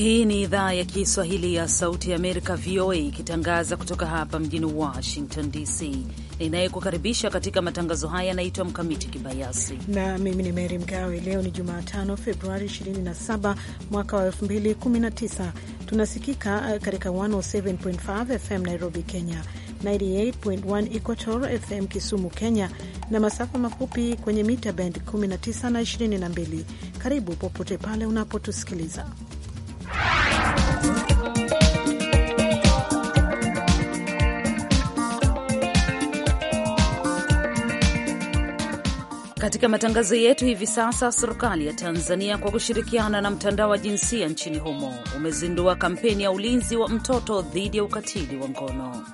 Hii ni idhaa ya Kiswahili ya Sauti ya Amerika, VOA, ikitangaza kutoka hapa mjini Washington DC. Ninayekukaribisha katika matangazo haya yanaitwa Mkamiti Kibayasi na mimi ni Meri Mgawe. Leo ni Jumatano, Februari 27 mwaka wa 2019. Tunasikika eh, katika 107.5 FM Nairobi, Kenya, 98.1 Equator FM Kisumu, Kenya, na masafa mafupi kwenye mita bend 19 na 22. Karibu popote pale unapotusikiliza Katika matangazo yetu hivi sasa, serikali ya Tanzania kwa kushirikiana na mtandao wa jinsia nchini humo umezindua kampeni ya ulinzi wa mtoto dhidi ya ukatili wa ngono.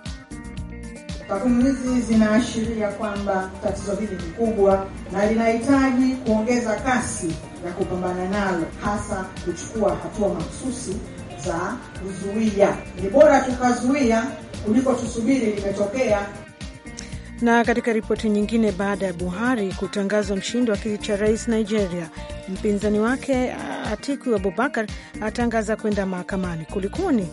Takwimu hizi zinaashiria kwamba tatizo hili ni kubwa na linahitaji kuongeza kasi ya kupambana nalo, hasa kuchukua hatua mahususi za kuzuia. Ni bora tukazuia kuliko tusubiri limetokea na katika ripoti nyingine, baada ya Buhari kutangazwa mshindi wa kiti cha rais Nigeria, mpinzani wake uh, Atiku Abubakar atangaza kwenda mahakamani. Kulikuni?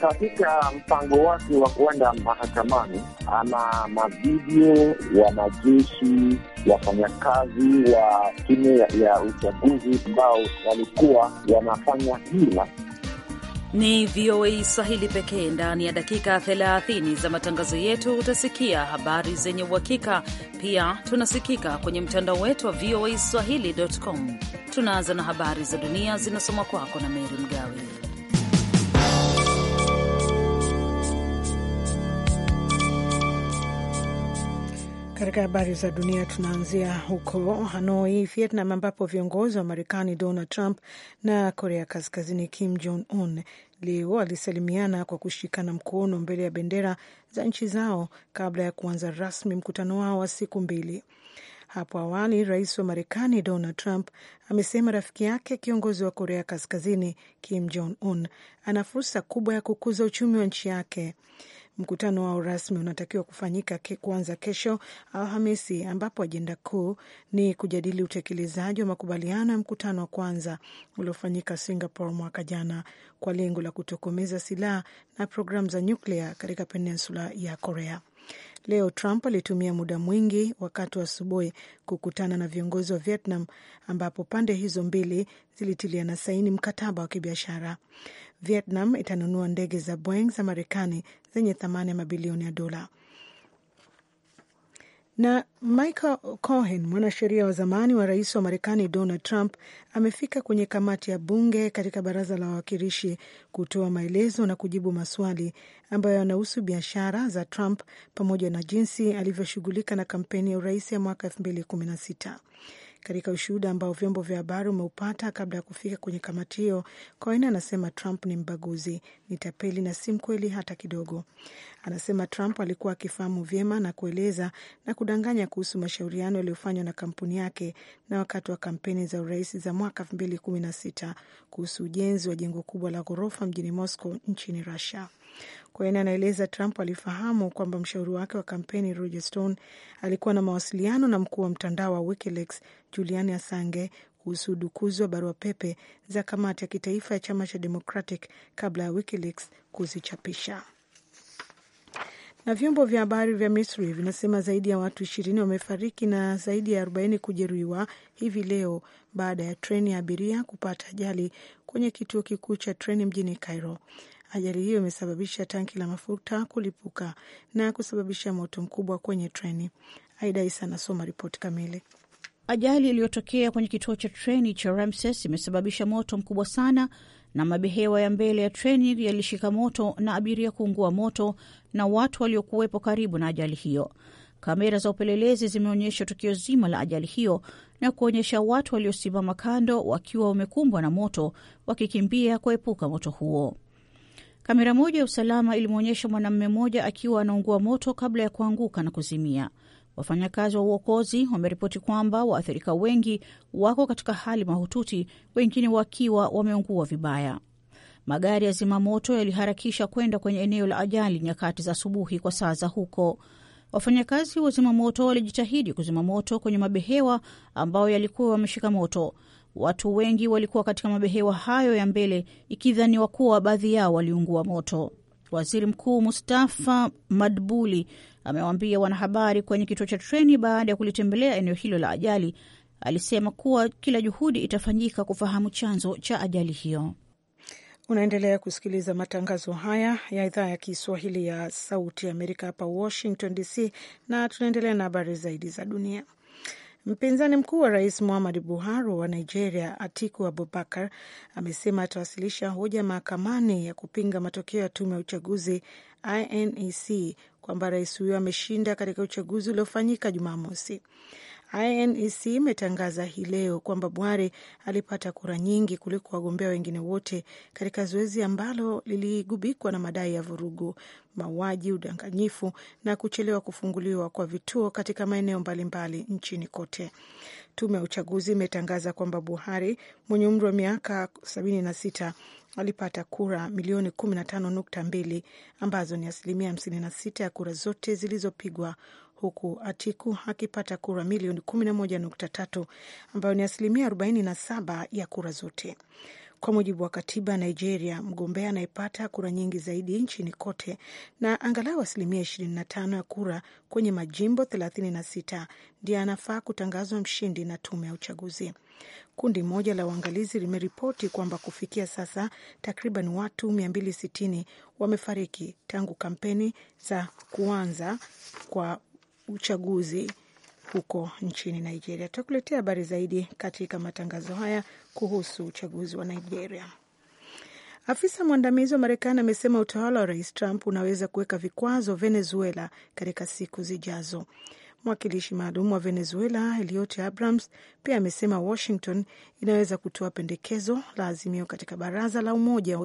Katika mpango wake wa kuenda mahakamani, ana mavideo wanajeshi, wafanyakazi wa timu ya uchaguzi ambao walikuwa wanafanya hila ni VOA Swahili pekee. Ndani ya dakika 30 za matangazo yetu utasikia habari zenye uhakika. Pia tunasikika kwenye mtandao wetu wa VOA Swahili.com. Tunaanza na habari za dunia zinasoma kwako na Meri Mgawe. Katika habari za dunia tunaanzia huko Hanoi, Vietnam, ambapo viongozi wa Marekani Donald Trump na Korea Kaskazini Kim Jong Un leo walisalimiana kwa kushikana mkono mbele ya bendera za nchi zao kabla ya kuanza rasmi mkutano wao wa siku mbili. Hapo awali rais wa Marekani Donald Trump amesema rafiki yake kiongozi wa Korea Kaskazini Kim Jong Un ana fursa kubwa ya kukuza uchumi wa nchi yake. Mkutano wao rasmi unatakiwa kufanyika kuanza kesho Alhamisi, ambapo ajenda kuu ni kujadili utekelezaji wa makubaliano ya mkutano wa kwanza uliofanyika Singapore mwaka jana kwa lengo la kutokomeza silaha na programu za nyuklia katika peninsula ya Korea. Leo Trump alitumia muda mwingi wakati wa asubuhi kukutana na viongozi wa Vietnam, ambapo pande hizo mbili zilitiliana saini mkataba wa kibiashara. Vietnam itanunua ndege za Boeing za Marekani zenye thamani ya mabilioni ya dola. Na Michael Cohen, mwanasheria wa zamani wa rais wa Marekani Donald Trump, amefika kwenye kamati ya bunge katika baraza la wawakilishi kutoa maelezo na kujibu maswali ambayo yanahusu biashara za Trump pamoja na jinsi alivyoshughulika na kampeni ya urais ya mwaka elfu mbili kumi na sita katika ushuhuda ambao vyombo vya habari umeupata kabla ya kufika kwenye kamati hiyo, Cohen anasema Trump ni mbaguzi, ni tapeli na si mkweli hata kidogo. Anasema Trump alikuwa akifahamu vyema na kueleza na kudanganya kuhusu mashauriano yaliyofanywa na kampuni yake na wakati wa kampeni za urais za mwaka 2016 kuhusu ujenzi wa jengo kubwa la ghorofa mjini Moscow nchini Russia. Kwa hiyo anaeleza, Trump alifahamu kwamba mshauri wake wa kampeni Roger Stone alikuwa na mawasiliano na mkuu wa mtandao wa WikiLeaks Julian Assange kuhusu udukuzi wa barua pepe za kamati ya kitaifa ya chama cha Democratic kabla ya WikiLeaks kuzichapisha. Na vyombo vya habari vya Misri vinasema zaidi ya watu ishirini wamefariki na zaidi ya arobaini kujeruhiwa hivi leo baada ya treni ya abiria kupata ajali kwenye kituo kikuu cha treni mjini Cairo. Ajali hiyo imesababisha tanki la mafuta kulipuka na kusababisha moto mkubwa kwenye treni. Aida Isa anasoma ripoti kamili. Ajali iliyotokea kwenye kituo cha treni cha Ramses imesababisha moto mkubwa sana, na mabehewa ya mbele ya treni yalishika moto na abiria kuungua moto na watu waliokuwepo karibu na ajali hiyo. Kamera za upelelezi zimeonyesha tukio zima la ajali hiyo na kuonyesha watu waliosimama kando wakiwa wamekumbwa na moto wakikimbia kuepuka moto huo. Kamera moja ya usalama ilimwonyesha mwanamume mmoja akiwa anaungua moto kabla ya kuanguka na kuzimia. Wafanyakazi wa uokozi wameripoti kwamba waathirika wengi wako katika hali mahututi, wengine wakiwa wameungua vibaya. Magari ya zimamoto yaliharakisha kwenda kwenye eneo la ajali nyakati za asubuhi kwa saa za huko. Wafanyakazi wa zimamoto walijitahidi kuzima moto kwenye mabehewa ambayo yalikuwa wameshika moto, Watu wengi walikuwa katika mabehewa hayo ya mbele, ikidhaniwa kuwa baadhi yao waliungua moto. Waziri Mkuu Mustafa Madbuli amewaambia wanahabari kwenye kituo cha treni baada ya kulitembelea eneo hilo la ajali. Alisema kuwa kila juhudi itafanyika kufahamu chanzo cha ajali hiyo. Unaendelea kusikiliza matangazo haya ya idhaa ya Kiswahili ya Sauti ya Amerika hapa Washington DC, na tunaendelea na habari zaidi za dunia. Mpinzani mkuu wa rais Muhammadu Buhari wa Nigeria, Atiku Abubakar, amesema atawasilisha hoja mahakamani ya kupinga matokeo ya tume ya uchaguzi INEC kwamba rais huyo ameshinda katika uchaguzi uliofanyika Jumamosi. INEC imetangaza hii leo kwamba Bware alipata kura nyingi kuliko wagombea wengine wote katika zoezi ambalo liligubikwa na madai ya vurugu, mauaji, udanganyifu na kuchelewa kufunguliwa kwa vituo katika maeneo mbalimbali nchini kote. Tume ya uchaguzi imetangaza kwamba Buhari mwenye umri wa miaka 76 alipata kura milioni 15.2 ambazo ni asilimia 56 ya kura zote zilizopigwa huku Atiku akipata kura milioni 11.3 ambayo ni asilimia 47 ya kura zote. Kwa mujibu wa katiba ya Nigeria, mgombea anayepata kura nyingi zaidi nchini kote na angalau asilimia 25 ya kura kwenye majimbo 36 ndiye anafaa kutangazwa mshindi na tume ya uchaguzi. Kundi moja la uangalizi limeripoti kwamba kufikia sasa takriban watu 260 wamefariki tangu kampeni za kuanza kwa uchaguzi huko nchini Nigeria. Tutakuletea habari zaidi katika matangazo haya kuhusu uchaguzi wa Nigeria. Afisa mwandamizi wa Marekani amesema utawala wa Rais Trump unaweza kuweka vikwazo Venezuela katika siku zijazo. Mwakilishi maalum wa Venezuela Eliot Abrams pia amesema Washington inaweza kutoa pendekezo la azimio katika Baraza la Umoja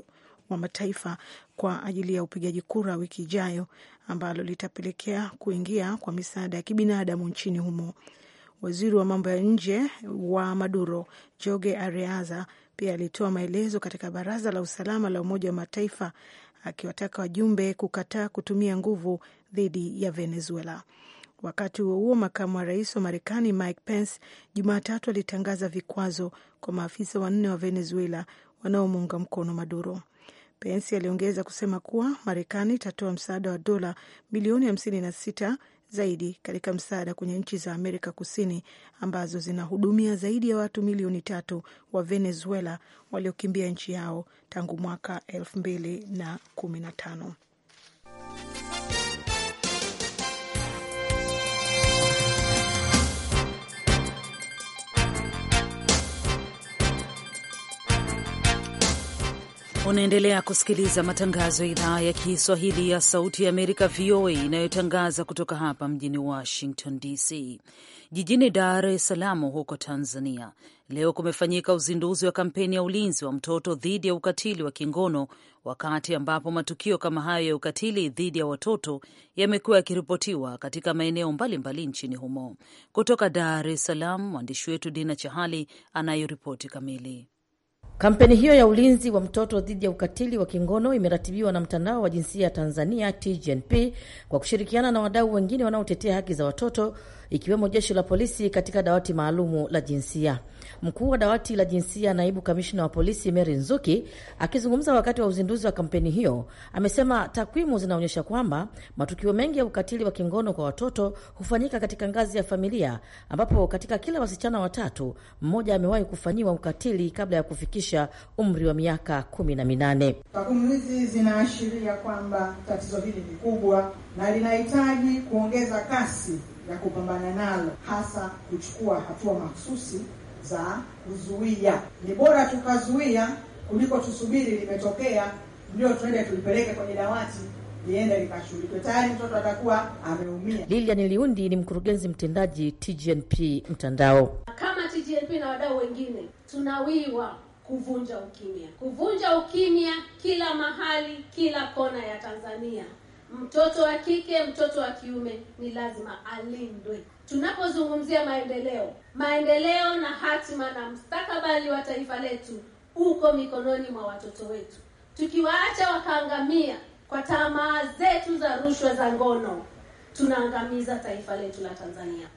wa Mataifa kwa ajili ya upigaji kura wiki ijayo ambalo litapelekea kuingia kwa misaada ya kibinadamu nchini humo. Waziri wa mambo ya nje wa Maduro, Jorge Areaza, pia alitoa maelezo katika Baraza la Usalama la Umoja wa Mataifa akiwataka wajumbe kukataa kutumia nguvu dhidi ya Venezuela. Wakati huo huo, makamu wa rais wa Marekani Mike Pence Jumatatu alitangaza vikwazo kwa maafisa wanne wa Venezuela wanaomuunga mkono Maduro. Pensi aliongeza kusema kuwa Marekani itatoa msaada wa dola milioni hamsini na sita zaidi katika msaada kwenye nchi za Amerika Kusini ambazo zinahudumia zaidi ya watu milioni tatu wa Venezuela waliokimbia nchi yao tangu mwaka elfu mbili na na kumi tano Unaendelea kusikiliza matangazo ya idhaa ya Kiswahili ya Sauti ya Amerika, VOA, inayotangaza kutoka hapa mjini Washington DC. Jijini Dar es Salaam huko Tanzania, leo kumefanyika uzinduzi wa kampeni ya ulinzi wa mtoto dhidi ya ukatili wa kingono, wakati ambapo matukio kama hayo ya ukatili dhidi ya watoto yamekuwa yakiripotiwa katika maeneo mbalimbali nchini humo. Kutoka Dar es Salaam, mwandishi wetu Dina Chahali anayoripoti kamili. Kampeni hiyo ya ulinzi wa mtoto dhidi ya ukatili wa kingono imeratibiwa na mtandao wa jinsia ya Tanzania TGNP kwa kushirikiana na wadau wengine wanaotetea haki za watoto ikiwemo jeshi la polisi katika dawati maalumu la jinsia. Mkuu wa dawati la jinsia, naibu kamishna wa polisi Mary Nzuki, akizungumza wakati wa uzinduzi wa kampeni hiyo, amesema takwimu zinaonyesha kwamba matukio mengi ya ukatili wa kingono kwa watoto hufanyika katika ngazi ya familia, ambapo katika kila wasichana watatu mmoja amewahi kufanyiwa ukatili kabla ya kufikisha umri wa miaka kumi na minane. Takwimu hizi zinaashiria kwamba tatizo hili ni kubwa na linahitaji kuongeza kasi na kupambana nalo, hasa kuchukua hatua mahsusi za kuzuia. Ni bora tukazuia kuliko tusubiri limetokea ndio tuende tulipeleke kwenye dawati liende likashughulikiwe, tayari mtoto atakuwa ameumia. Lilian Liundi ni mkurugenzi mtendaji TGNP mtandao. Kama TGNP na wadau wengine tunawiwa kuvunja ukimya, kuvunja ukimya kila mahali, kila kona ya Tanzania mtoto wa kike, mtoto wa kiume ni lazima alindwe. Tunapozungumzia maendeleo, maendeleo na hatima na mustakabali wa taifa letu uko mikononi mwa watoto wetu. Tukiwaacha wakaangamia kwa tamaa zetu za rushwa za ngono tunaangamiza taifa letu la Tanzania.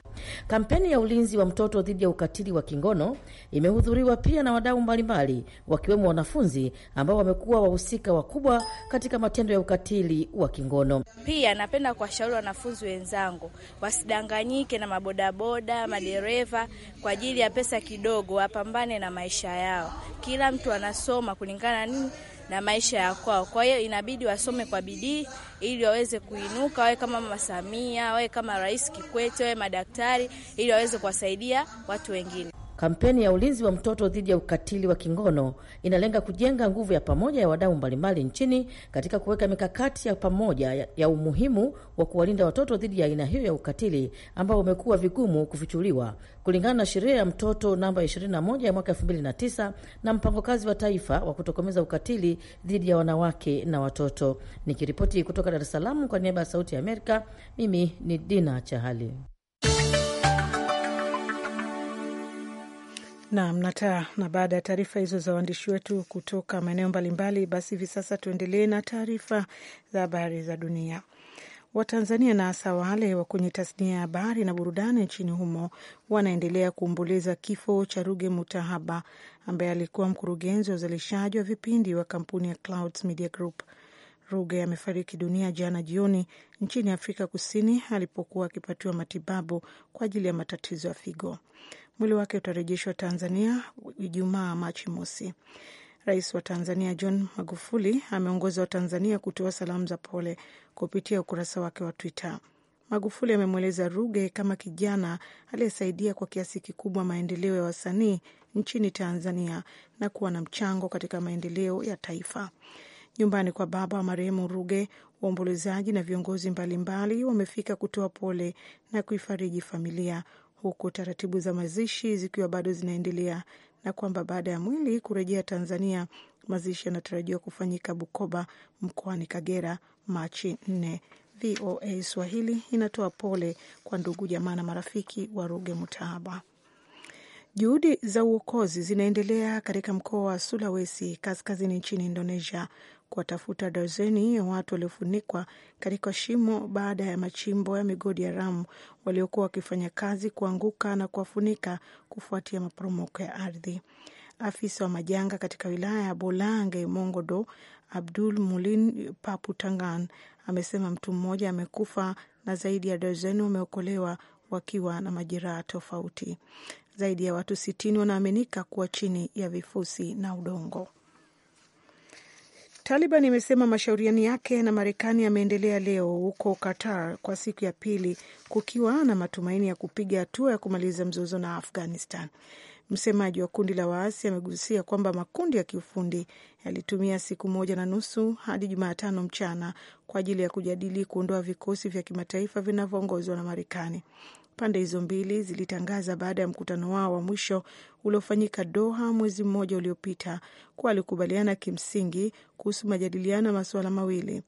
Kampeni ya ulinzi wa mtoto dhidi ya ukatili wa kingono imehudhuriwa pia na wadau mbalimbali, wakiwemo wanafunzi ambao wamekuwa wahusika wakubwa katika matendo ya ukatili wa kingono. Pia napenda kuwashauri wanafunzi wenzangu wasidanganyike na mabodaboda, madereva kwa ajili ya pesa kidogo, wapambane na maisha yao. Kila mtu anasoma kulingana nini na maisha ya kwao. Kwa hiyo inabidi wasome kwa bidii ili waweze kuinuka, wawe kama Mama Samia, wawe kama Rais Kikwete, wawe madaktari, ili waweze kuwasaidia watu wengine. Kampeni ya ulinzi wa mtoto dhidi ya ukatili wa kingono inalenga kujenga nguvu ya pamoja ya wadau mbalimbali nchini katika kuweka mikakati ya pamoja ya, umuhimu wa kuwalinda watoto dhidi ya aina hiyo ya ukatili ambao umekuwa vigumu kufichuliwa kulingana na sheria ya mtoto namba 21 ya mwaka 2009 na mpango kazi wa taifa wa kutokomeza ukatili dhidi ya wanawake na watoto. Nikiripoti kutoka Dar es Salaam kwa niaba ya Sauti ya Amerika, mimi ni Dina Chahali. Naam, taa Na baada ya taarifa hizo za waandishi wetu kutoka maeneo mbalimbali, basi hivi sasa tuendelee na taarifa za habari za dunia. Watanzania na hasa wale wa kwenye tasnia ya habari na burudani nchini humo wanaendelea kuomboleza kifo cha Ruge Mutahaba ambaye alikuwa mkurugenzi wa uzalishaji wa vipindi wa kampuni ya Clouds Media Group. Ruge amefariki dunia jana jioni nchini Afrika Kusini alipokuwa akipatiwa matibabu kwa ajili ya matatizo ya figo. Mwili wake utarejeshwa Tanzania Ijumaa, Machi mosi. Rais wa Tanzania John Magufuli ameongoza Watanzania kutoa salamu za pole kupitia ukurasa wake wa Twitter. Magufuli amemweleza Ruge kama kijana aliyesaidia kwa kiasi kikubwa maendeleo ya wasanii nchini Tanzania na kuwa na mchango katika maendeleo ya taifa. Nyumbani kwa baba wa marehemu Ruge, waombolezaji na viongozi mbalimbali wamefika kutoa pole na kuifariji familia huku taratibu za mazishi zikiwa bado zinaendelea na kwamba baada ya mwili kurejea Tanzania, mazishi yanatarajiwa kufanyika Bukoba mkoani Kagera Machi nne. VOA Swahili inatoa pole kwa ndugu jamaa na marafiki wa Ruge Mutahaba. Juhudi za uokozi zinaendelea katika mkoa wa Sulawesi kaskazini nchini Indonesia kuwatafuta dazeni ya watu waliofunikwa katika shimo baada ya machimbo ya migodi Ramu waliokuwa wakifanya kazi kuanguka na kuwafunika kufuatia maporomoko ya ardhi. Afisa wa majanga katika wilaya ya Bolange Mongodo, Abdul Mulin Paputangan, amesema mtu mmoja amekufa na zaidi ya dozeni wameokolewa wakiwa na majeraha tofauti. Zaidi ya watu sitini wanaaminika kuwa chini ya vifusi na udongo. Taliban imesema mashauriani yake na Marekani yameendelea leo huko Qatar kwa siku ya pili, kukiwa na matumaini ya kupiga hatua ya kumaliza mzozo na Afghanistan. Msemaji wa kundi la waasi amegusia kwamba makundi ya kiufundi yalitumia siku moja na nusu hadi Jumatano mchana kwa ajili ya kujadili kuondoa vikosi vya kimataifa vinavyoongozwa na Marekani. Pande hizo mbili zilitangaza baada ya mkutano wao wa mwisho uliofanyika Doha mwezi mmoja uliopita kuwa alikubaliana kimsingi kuhusu majadiliano ya masuala mawili.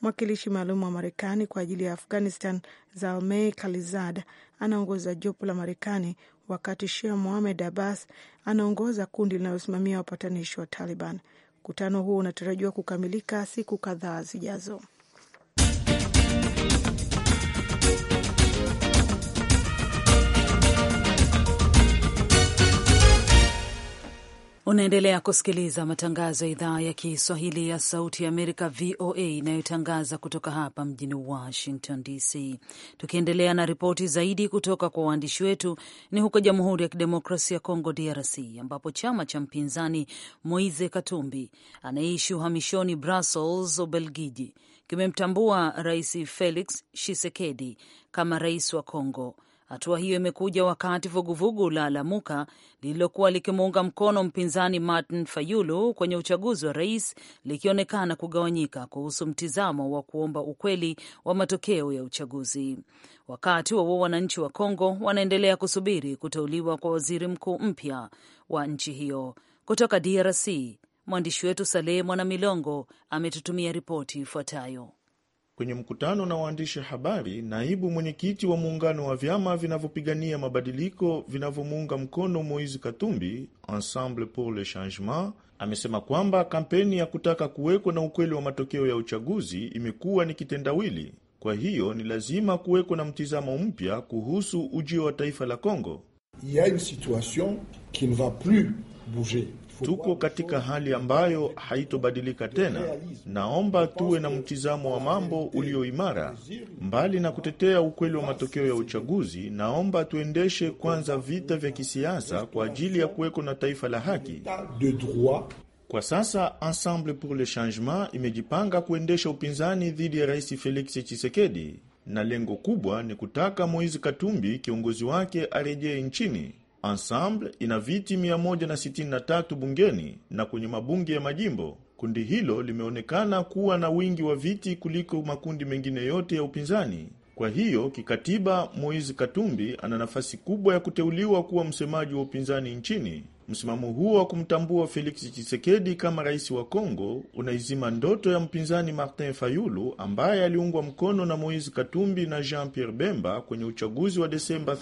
Mwakilishi maalum wa Marekani kwa ajili ya Afghanistan, Zalmay Khalilzad, anaongoza jopo la Marekani wakati Sheh Mohamed Abbas anaongoza kundi linalosimamia wapatanishi wa Taliban. Mkutano huo unatarajiwa kukamilika siku kadhaa zijazo. Unaendelea kusikiliza matangazo ya idhaa ya Kiswahili ya Sauti ya Amerika, VOA, inayotangaza kutoka hapa mjini Washington DC. Tukiendelea na ripoti zaidi kutoka kwa waandishi wetu, ni huko Jamhuri ya Kidemokrasia ya Kongo, DRC, ambapo chama cha mpinzani Moise Katumbi anayeishi uhamishoni Brussels, Ubelgiji, kimemtambua Rais Felix Tshisekedi kama rais wa Kongo Hatua hiyo imekuja wakati vuguvugu la Lamuka lililokuwa likimuunga mkono mpinzani Martin Fayulu kwenye uchaguzi wa rais likionekana kugawanyika kuhusu mtizamo wa kuomba ukweli wa matokeo ya uchaguzi. Wakati wauo wananchi wa Kongo wanaendelea kusubiri kuteuliwa kwa waziri mkuu mpya wa nchi hiyo. Kutoka DRC, mwandishi wetu saleh Mwanamilongo ametutumia ripoti ifuatayo. Kwenye mkutano na waandishi habari, naibu mwenyekiti wa muungano wa vyama vinavyopigania mabadiliko vinavyomuunga mkono Moise Katumbi, Ensemble pour le Changement, amesema kwamba kampeni ya kutaka kuwekwa na ukweli wa matokeo ya uchaguzi imekuwa ni kitendawili. Kwa hiyo ni lazima kuwekwa na mtizamo mpya kuhusu ujio wa taifa la Kongo. Il y a une situation qui ne va plus bouger Tuko katika hali ambayo haitobadilika tena. Naomba tuwe na mtizamo wa mambo ulio imara. Mbali na kutetea ukweli wa matokeo ya uchaguzi, naomba tuendeshe kwanza vita vya kisiasa kwa ajili ya kuweko na taifa la haki. Kwa sasa Ensemble pour le Changement imejipanga kuendesha upinzani dhidi ya Rais Felix Tshisekedi, na lengo kubwa ni kutaka Moise Katumbi, kiongozi wake, arejee nchini. Ensemble ina viti 163 bungeni na kwenye mabunge ya majimbo. Kundi hilo limeonekana kuwa na wingi wa viti kuliko makundi mengine yote ya upinzani. Kwa hiyo kikatiba, Moise Katumbi ana nafasi kubwa ya kuteuliwa kuwa msemaji wa upinzani nchini. Msimamo huo wa kumtambua Felix Tshisekedi kama rais wa Kongo unaizima ndoto ya mpinzani Martin Fayulu ambaye aliungwa mkono na Moise Katumbi na Jean Pierre Bemba kwenye uchaguzi wa Desemba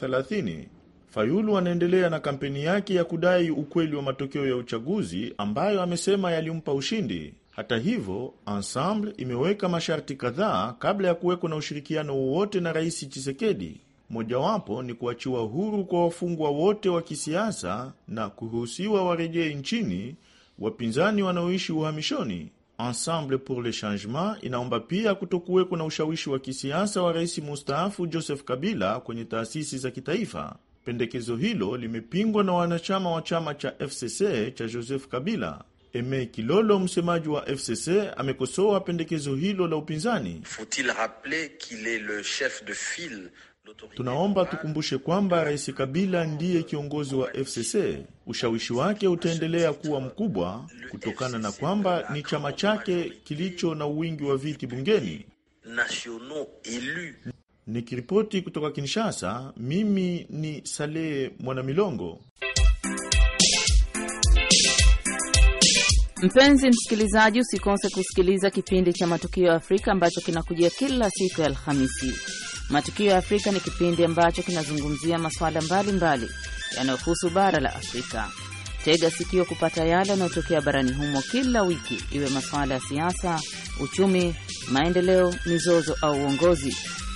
Fayulu anaendelea na kampeni yake ya kudai ukweli wa matokeo ya uchaguzi ambayo amesema yalimpa ushindi. Hata hivyo, Ensemble imeweka masharti kadhaa kabla ya kuwekwa na ushirikiano wowote na Rais Chisekedi. Mojawapo ni kuachiwa huru kwa wafungwa wote wa kisiasa na kuruhusiwa warejee nchini wapinzani wanaoishi uhamishoni. Ensemble pour le Changement inaomba pia kutokuweko na ushawishi wa kisiasa wa rais mustaafu Joseph Kabila kwenye taasisi za kitaifa. Pendekezo hilo limepingwa na wanachama wa chama cha FCC cha Joseph Kabila. Eme Kilolo, msemaji wa FCC, amekosoa pendekezo hilo la upinzani. Tunaomba tukumbushe kwamba Rais Kabila ndiye kiongozi wa FCC. Ushawishi wake utaendelea kuwa mkubwa kutokana na kwamba ni chama chake kilicho na wingi wa viti bungeni. Nikiripoti kutoka Kinshasa, mimi ni Saleh Mwanamilongo. Mpenzi msikilizaji, usikose kusikiliza kipindi cha Matukio ya Afrika ambacho kinakujia kila siku ya Alhamisi. Matukio ya Afrika ni kipindi ambacho kinazungumzia masuala mbalimbali yanayohusu bara la Afrika. Tega sikio kupata yale yanayotokea barani humo kila wiki, iwe masuala ya siasa, uchumi, maendeleo, mizozo au uongozi.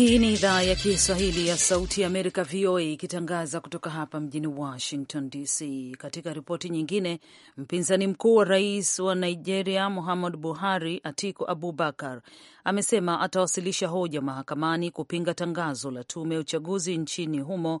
Hii ni idhaa ya Kiswahili ya Sauti ya Amerika, VOA, ikitangaza kutoka hapa mjini Washington DC. Katika ripoti nyingine, mpinzani mkuu wa rais wa Nigeria muhammad Buhari, Atiku Abubakar, amesema atawasilisha hoja mahakamani kupinga tangazo la tume ya uchaguzi nchini humo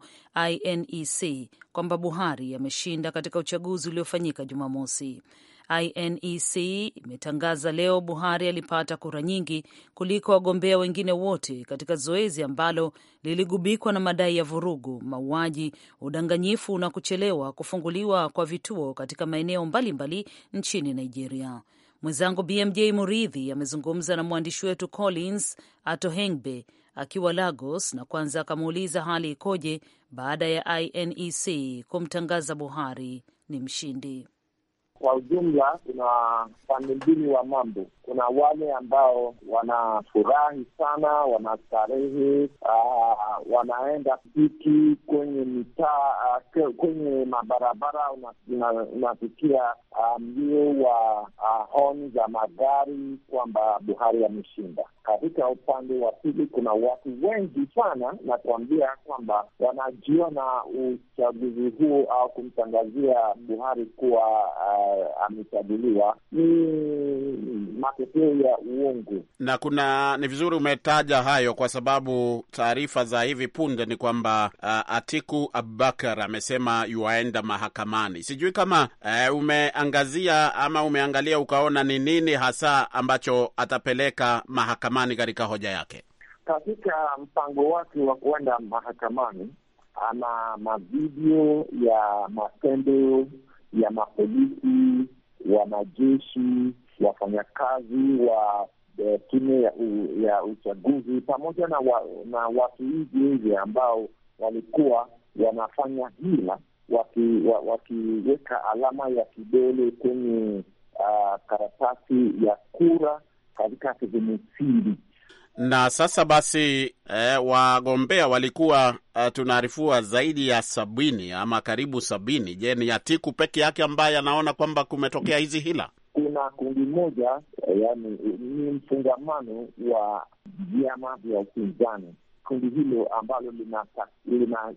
INEC kwamba Buhari ameshinda katika uchaguzi uliofanyika Jumamosi. INEC imetangaza leo Buhari alipata kura nyingi kuliko wagombea wengine wote katika zoezi ambalo liligubikwa na madai ya vurugu, mauaji, udanganyifu na kuchelewa kufunguliwa kwa vituo katika maeneo mbalimbali nchini Nigeria. Mwenzangu BMJ Muridhi amezungumza na mwandishi wetu Collins Atohengbe akiwa Lagos, na kwanza akamuuliza hali ikoje baada ya INEC kumtangaza Buhari ni mshindi kwa ujumla kuna pande mbili wa mambo. Kuna wale ambao wanafurahi sana, wanastarehe, uh, wanaenda piki kwenye mitaa uh, kwenye mabarabara, una, ah, mlio um, wa uh, honi za magari kwamba Buhari ameshinda katika upande wa pili kuna watu wengi sana na kuambia kwamba wanajiona uchaguzi huu au kumtangazia Buhari kuwa uh, amechaguliwa ni matokeo ya uongo. Na kuna ni vizuri umetaja hayo, kwa sababu taarifa za hivi punde ni kwamba uh, Atiku Abubakar amesema yuaenda mahakamani. Sijui kama uh, umeangazia ama umeangalia ukaona ni nini hasa ambacho atapeleka mahakamani mahakamani katika hoja yake. Katika mpango wake wa kuenda mahakamani, ana mavideo ya matendo ya mapolisi, wanajeshi, wafanyakazi wa eh, tume ya, ya uchaguzi pamoja na, wa, na watu hivi hivi ambao walikuwa wanafanya hila wakiweka waki alama ya kidole kwenye uh, karatasi ya kura katika sehemu siri. Na sasa basi, eh, wagombea walikuwa eh, tunaarifua zaidi ya sabini ama karibu sabini. Je, ni Atiku peke yake ambaye anaona kwamba kumetokea hizi hila? Kuna kundi moja, eh, yani ni mfungamano wa vyama vya upinzani, kundi hilo ambalo linatarajiwa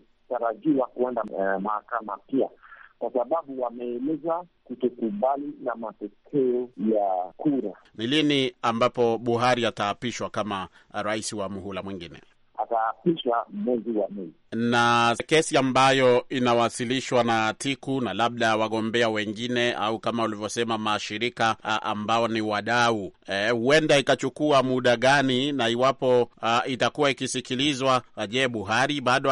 lina kuenda eh, mahakama pia kwa sababu wameeleza kutokubali na matokeo ya kura. Ni lini ambapo Buhari ataapishwa kama rais wa muhula mwingine? ataapishwa mwezi wa Mei. Na kesi ambayo inawasilishwa na Tiku na labda wagombea wengine au kama ulivyosema mashirika ambao ni wadau, e, huenda e, ikachukua muda gani? Na iwapo a, itakuwa ikisikilizwa, je, Buhari bado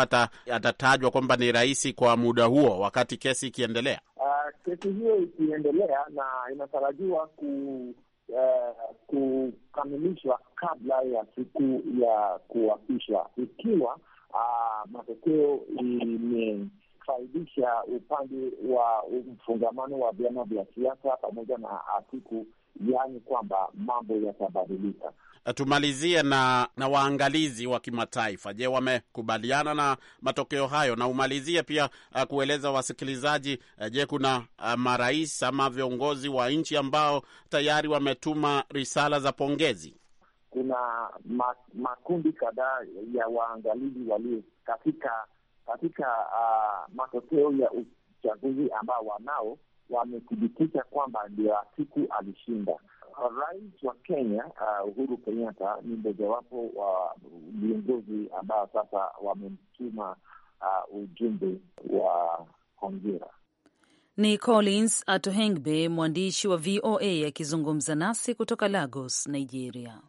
atatajwa kwamba ni rais kwa muda huo wakati kesi ikiendelea? Kesi hiyo ikiendelea na inatarajiwa ku kukamilishwa kabla ya siku ya kuapishwa, ikiwa uh, matokeo imefaidisha upande wa mfungamano wa vyama vya siasa pamoja na Atiku, yaani kwamba mambo yatabadilika tumalizie na, na waangalizi wa kimataifa. Je, wamekubaliana na matokeo hayo? Na umalizie pia uh, kueleza wasikilizaji uh, je, kuna uh, marais ama viongozi wa nchi ambao tayari wametuma risala za pongezi? Kuna ma, makundi kadhaa ya waangalizi walio katika katika uh, matokeo ya uchaguzi ambao wanao wamethibitisha kwamba ndio Atiku alishinda Rais wa Kenya uh, Uhuru Kenyatta ni mmojawapo wa viongozi ambao sasa wamemtuma uh, ujumbe wa hongera. Ni Collins Atohengbe, mwandishi wa VOA akizungumza nasi kutoka Lagos, Nigeria.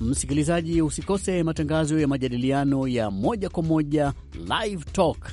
Msikilizaji, usikose matangazo ya majadiliano ya moja kwa moja Live Talk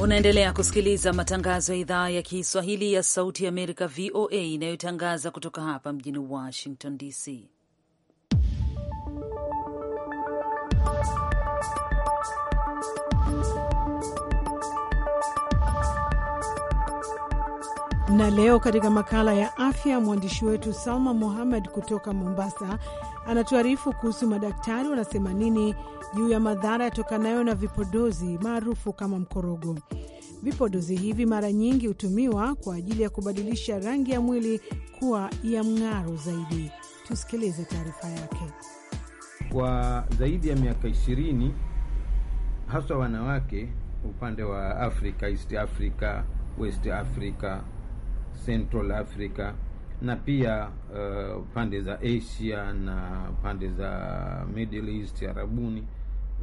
Unaendelea kusikiliza matangazo ya idhaa ya Kiswahili ya Sauti ya Amerika, VOA, inayotangaza kutoka hapa mjini Washington DC. Na leo katika makala ya afya, mwandishi wetu Salma Mohamed kutoka Mombasa anatuarifu kuhusu madaktari wanasema nini juu ya madhara yatokanayo na vipodozi maarufu kama mkorogo. Vipodozi hivi mara nyingi hutumiwa kwa ajili ya kubadilisha rangi ya mwili kuwa ya mng'aro zaidi. Tusikilize taarifa yake. Kwa zaidi ya miaka ishirini, haswa wanawake upande wa Afrika, East Africa, West Africa, Central Africa na pia uh, pande za Asia na pande za Middle East Arabuni,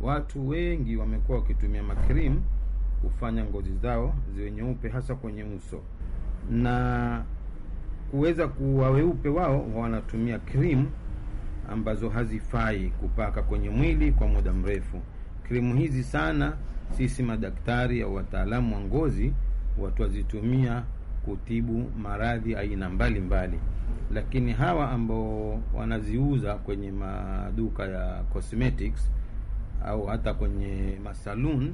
watu wengi wamekuwa wakitumia makrim kufanya ngozi zao ziwe nyeupe, hasa kwenye uso na kuweza kuwa weupe wao, wanatumia krimu ambazo hazifai kupaka kwenye mwili kwa muda mrefu. Krimu hizi sana sisi madaktari au wataalamu wa ngozi watu wazitumia kutibu maradhi aina mbalimbali, lakini hawa ambao wanaziuza kwenye maduka ya cosmetics au hata kwenye masalun,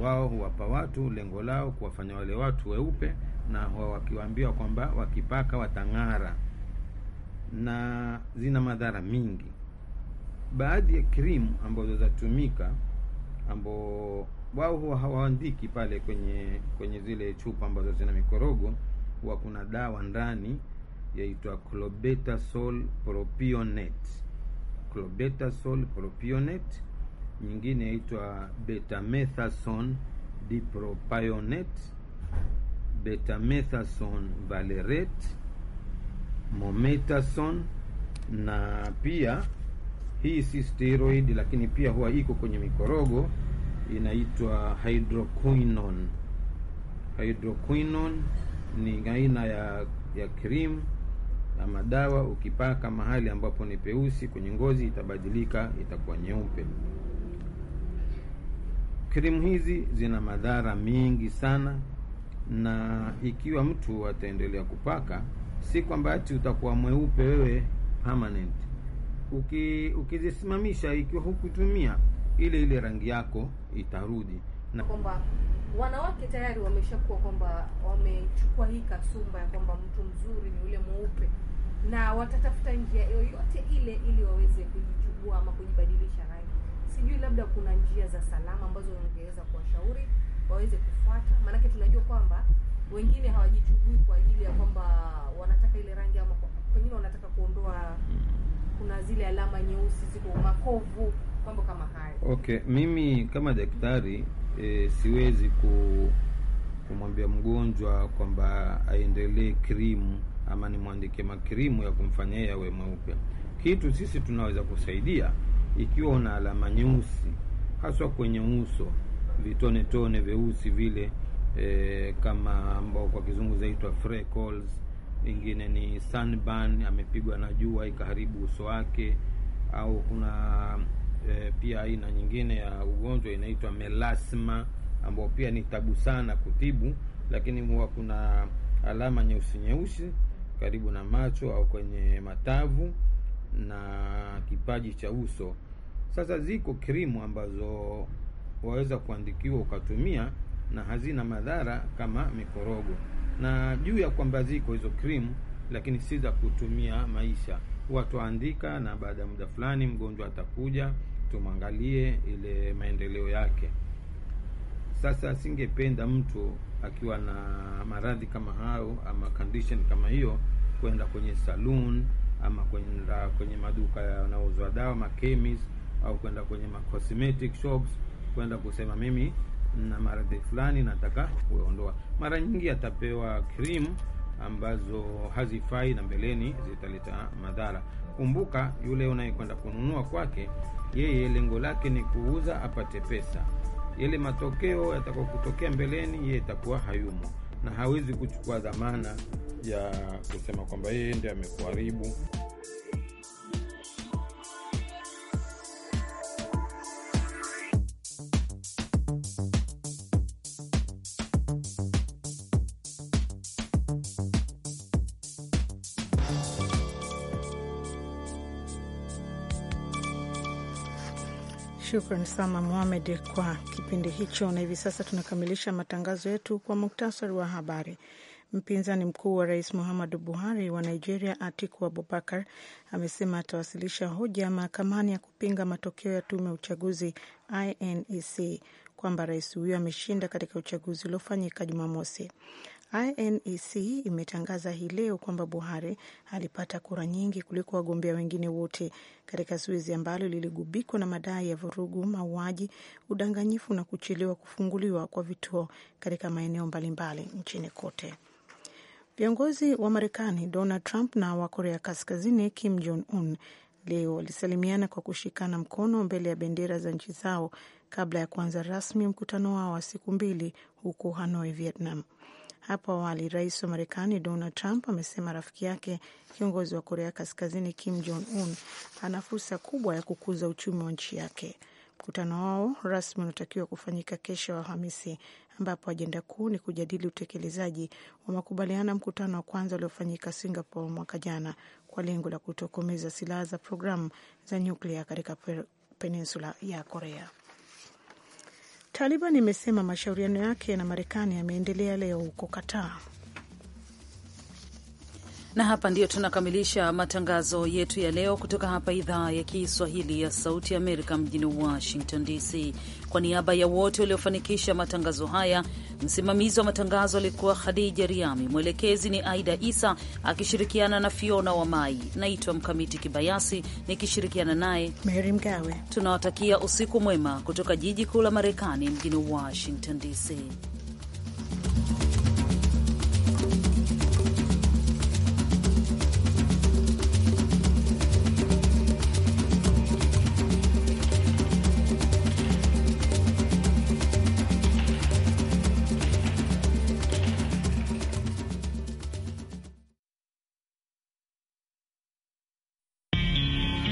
wao huwapa watu, lengo lao kuwafanya wale watu weupe, na wakiwaambiwa kwamba wakipaka watang'ara, na zina madhara mingi. Baadhi ya krimu ambazo zatumika ambao wao huwa hawaandiki pale kwenye kwenye zile chupa ambazo zina mikorogo, huwa kuna dawa ndani yaitwa clobetasol propionate, clobetasol propionate, nyingine yaitwa betamethasone dipropionate, betamethasone valerate, mometasone na pia hii si steroid, lakini pia huwa iko kwenye mikorogo inaitwa hydroquinone. Hydroquinone ni aina ya ya krimu na madawa, ukipaka mahali ambapo ni peusi kwenye ngozi itabadilika, itakuwa nyeupe. Krimu hizi zina madhara mengi sana, na ikiwa mtu ataendelea kupaka, si kwamba ati utakuwa mweupe wewe permanent. Uki, ukizisimamisha ikiwa hukutumia ile ile rangi yako itarudi na kwamba wanawake tayari wameshakuwa kwamba wamechukua hii kasumba ya kwamba mtu mzuri ni yule mweupe, na watatafuta njia yoyote ile ili waweze kujichubua ama kujibadilisha rangi. Sijui labda kuna njia za salama ambazo ungeweza kuwashauri waweze kufuata, maanake tunajua kwamba wengine hawajichubui kwa ajili ya kwamba wanataka ile rangi, ama pengine wanataka kuondoa, kuna zile alama nyeusi ziko makovu mambo kama hayo. Okay, mimi kama daktari e, siwezi ku kumwambia mgonjwa kwamba aendelee krimu ama nimwandike makrimu ya kumfanyia yawe mweupe. Kitu sisi tunaweza kusaidia ikiwa una alama nyeusi, haswa kwenye uso, vitone tone vyeusi vile e, kama ambao kwa kizungu zaitwa freckles, ingine ni sunburn, amepigwa na jua ikaharibu uso wake, au kuna e, pia aina nyingine ya ugonjwa inaitwa melasma ambao pia ni tabu sana kutibu, lakini huwa kuna alama nyeusi nyeusi karibu na macho au kwenye matavu na kipaji cha uso. Sasa ziko krimu ambazo waweza kuandikiwa ukatumia na hazina madhara kama mikorogo, na juu ya kwamba ziko hizo krimu, lakini si za kutumia maisha. watu waandika, na baada ya muda fulani mgonjwa atakuja tumwangalie ile maendeleo yake. Sasa singependa mtu akiwa na maradhi kama hayo ama condition kama hiyo kwenda kwenye saloon ama kwenda kwenye maduka yanayouzwa dawa ma chemist, au kwenda kwenye ma cosmetic shops kwenda kusema mimi na maradhi fulani nataka kuondoa. Mara nyingi atapewa cream ambazo hazifai na mbeleni zitaleta madhara. Kumbuka, yule unayekwenda kununua kwake, yeye lengo lake ni kuuza apate pesa. Yale matokeo kutokea mbeleni, yeye itakuwa hayumo na hawezi kuchukua dhamana ya kusema kwamba yeye ndiye amekuharibu. Shukran sana Muhamed kwa kipindi hicho, na hivi sasa tunakamilisha matangazo yetu kwa muktasari wa habari. Mpinzani mkuu wa rais Muhammadu Buhari wa Nigeria, Atiku Abubakar, amesema atawasilisha hoja mahakamani ya kupinga matokeo ya tume ya uchaguzi INEC kwamba rais huyo ameshinda katika uchaguzi uliofanyika Jumamosi. INEC imetangaza hii leo kwamba Buhari alipata kura nyingi kuliko wagombea wengine wote katika zoezi ambalo liligubikwa na madai ya vurugu, mauaji, udanganyifu na kuchelewa kufunguliwa kwa vituo katika maeneo mbalimbali nchini kote. Viongozi wa Marekani Donald Trump na wa Korea Kaskazini Kim Jong Un leo walisalimiana kwa kushikana mkono mbele ya bendera za nchi zao kabla ya kuanza rasmi mkutano wao wa siku mbili huko Hanoi, Vietnam. Hapo awali rais wa Marekani Donald Trump amesema rafiki yake kiongozi wa Korea Kaskazini Kim Jong Un ana fursa kubwa ya kukuza uchumi wa nchi yake. Mkutano wao rasmi unatakiwa kufanyika kesho Alhamisi, ambapo ajenda kuu ni kujadili utekelezaji wa makubaliano ya mkutano wa kwanza uliofanyika Singapore mwaka jana kwa lengo la kutokomeza silaha za programu za nyuklia katika peninsula ya Korea. Taliban imesema mashauriano yake na Marekani yameendelea leo huko Qatar. Na hapa ndio tunakamilisha matangazo yetu ya leo kutoka hapa idhaa ya Kiswahili ya Sauti ya Amerika mjini Washington DC. Kwa niaba ya wote waliofanikisha matangazo haya, msimamizi wa matangazo alikuwa Khadija Riami, mwelekezi ni Aida Isa akishirikiana na Fiona wa mai Naitwa Mkamiti Kibayasi nikishirikiana naye Mary Mgawe. Tunawatakia usiku mwema kutoka jiji kuu la Marekani mjini Washington DC.